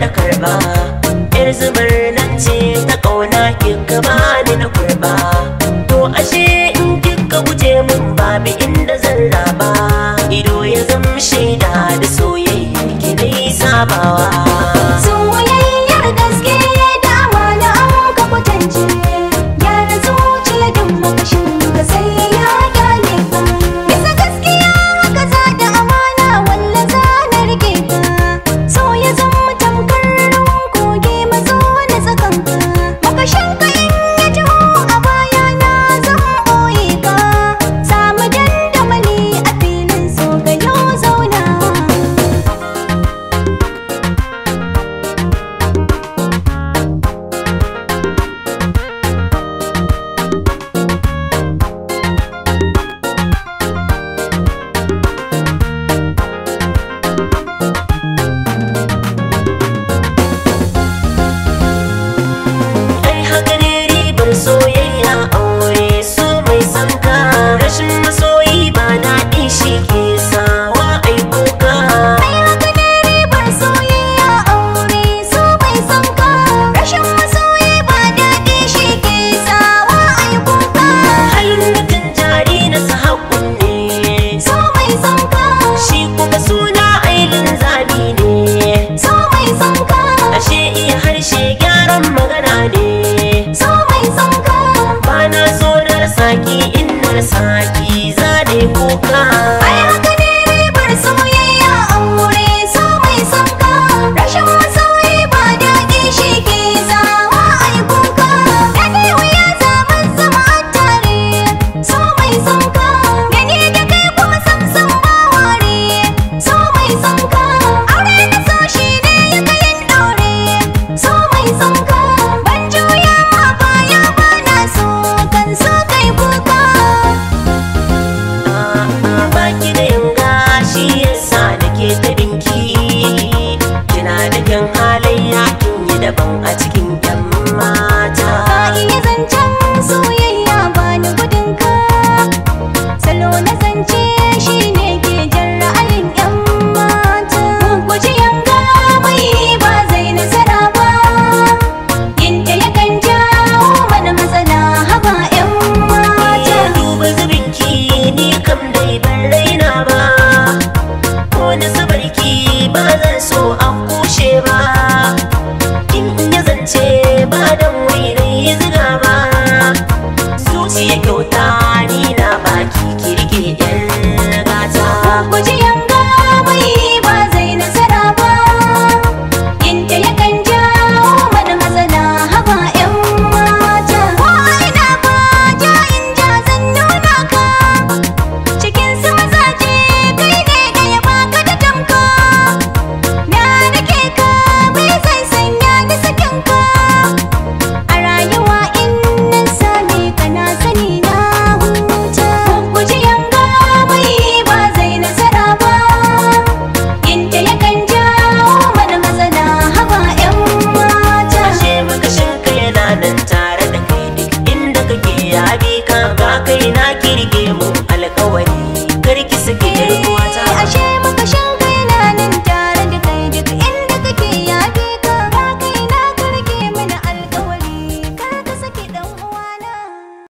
da karba yar zubar nan ce ta kauna kika bani na kurba to ashe in kika guje mun babu inda zan raba ido ya zama shaida da soyayya ki dai sabawa 你不看。ce ba dan